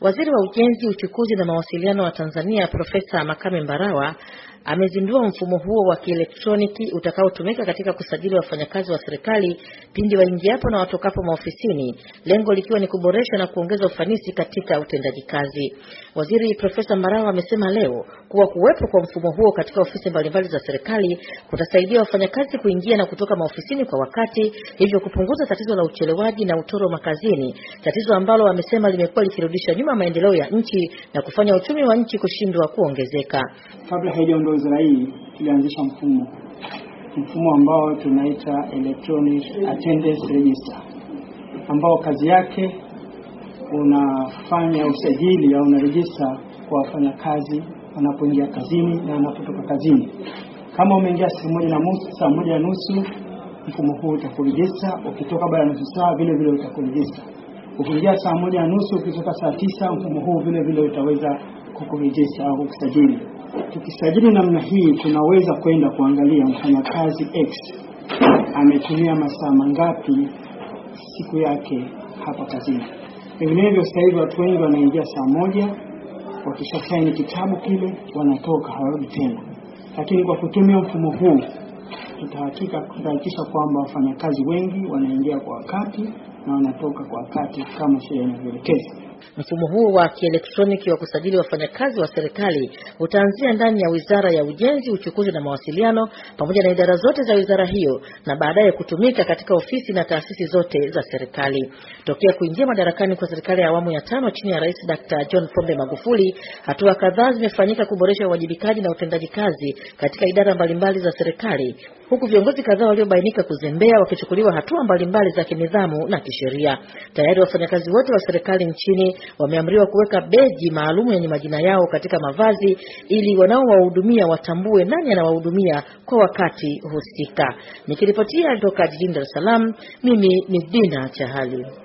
Waziri wa Ujenzi, Uchukuzi na Mawasiliano wa Tanzania Profesa Makame Mbarawa Amezindua mfumo huo wa kielektroniki utakaotumika katika kusajili wafanyakazi wa serikali pindi waingiapo na watokapo maofisini, lengo likiwa ni kuboresha na kuongeza ufanisi katika utendaji kazi. Waziri Profesa Marao amesema leo kuwa kuwepo kwa mfumo huo katika ofisi mbalimbali za serikali kutasaidia wafanyakazi kuingia na kutoka maofisini kwa wakati, hivyo kupunguza tatizo la uchelewaji na utoro makazini, tatizo ambalo amesema limekuwa likirudisha nyuma maendeleo ya nchi na kufanya uchumi wa nchi kushindwa kuongezeka. Kabla haijaondolewa Balozi Rai tulianzisha mfumo mfumo ambao tunaita electronic attendance register, ambao kazi yake unafanya usajili au una rejista kwa wafanyakazi wanapoingia kazini na wanapotoka kazini. Kama umeingia saa moja na nusu, saa moja na nusu mfumo huu utakurejista. Ukitoka baada ya nusu saa vile vile utakurejista. Ukiingia saa moja na nusu ukitoka saa tisa mfumo huu vile vile utaweza kukurejista au kusajili. Tukisajili namna hii, tunaweza kwenda kuangalia mfanyakazi X ametumia masaa mangapi siku yake hapa kazini. Vinginevyo sasa hivi watu wengi wanaingia saa moja, wakisha saini kitabu kile wanatoka, hawarudi tena. Lakini kwa kutumia mfumo huu tutahakika tutahakikisha kwamba wafanyakazi wengi wanaingia kwa wakati na wanatoka kwa wakati kama sheria inavyoelekeza. Mfumo huo wa kielektroniki wa kusajili wafanyakazi wa serikali utaanzia ndani ya Wizara ya Ujenzi, Uchukuzi na Mawasiliano pamoja na idara zote za wizara hiyo na baadaye kutumika katika ofisi na taasisi zote za serikali. Tokea kuingia madarakani kwa serikali ya awamu ya tano chini ya Rais Dr. John Pombe Magufuli, hatua kadhaa zimefanyika kuboresha uwajibikaji na utendaji kazi katika idara mbalimbali za serikali huku viongozi kadhaa waliobainika kuzembea wakichukuliwa hatua mbalimbali za kinidhamu na kisheria. Tayari wafanyakazi wote wa serikali nchini wameamriwa kuweka beji maalumu yenye majina yao katika mavazi ili wanaowahudumia watambue nani anawahudumia kwa wakati husika. Nikiripotia kutoka jijini Dar es Salaam, mimi ni Dina Chahali.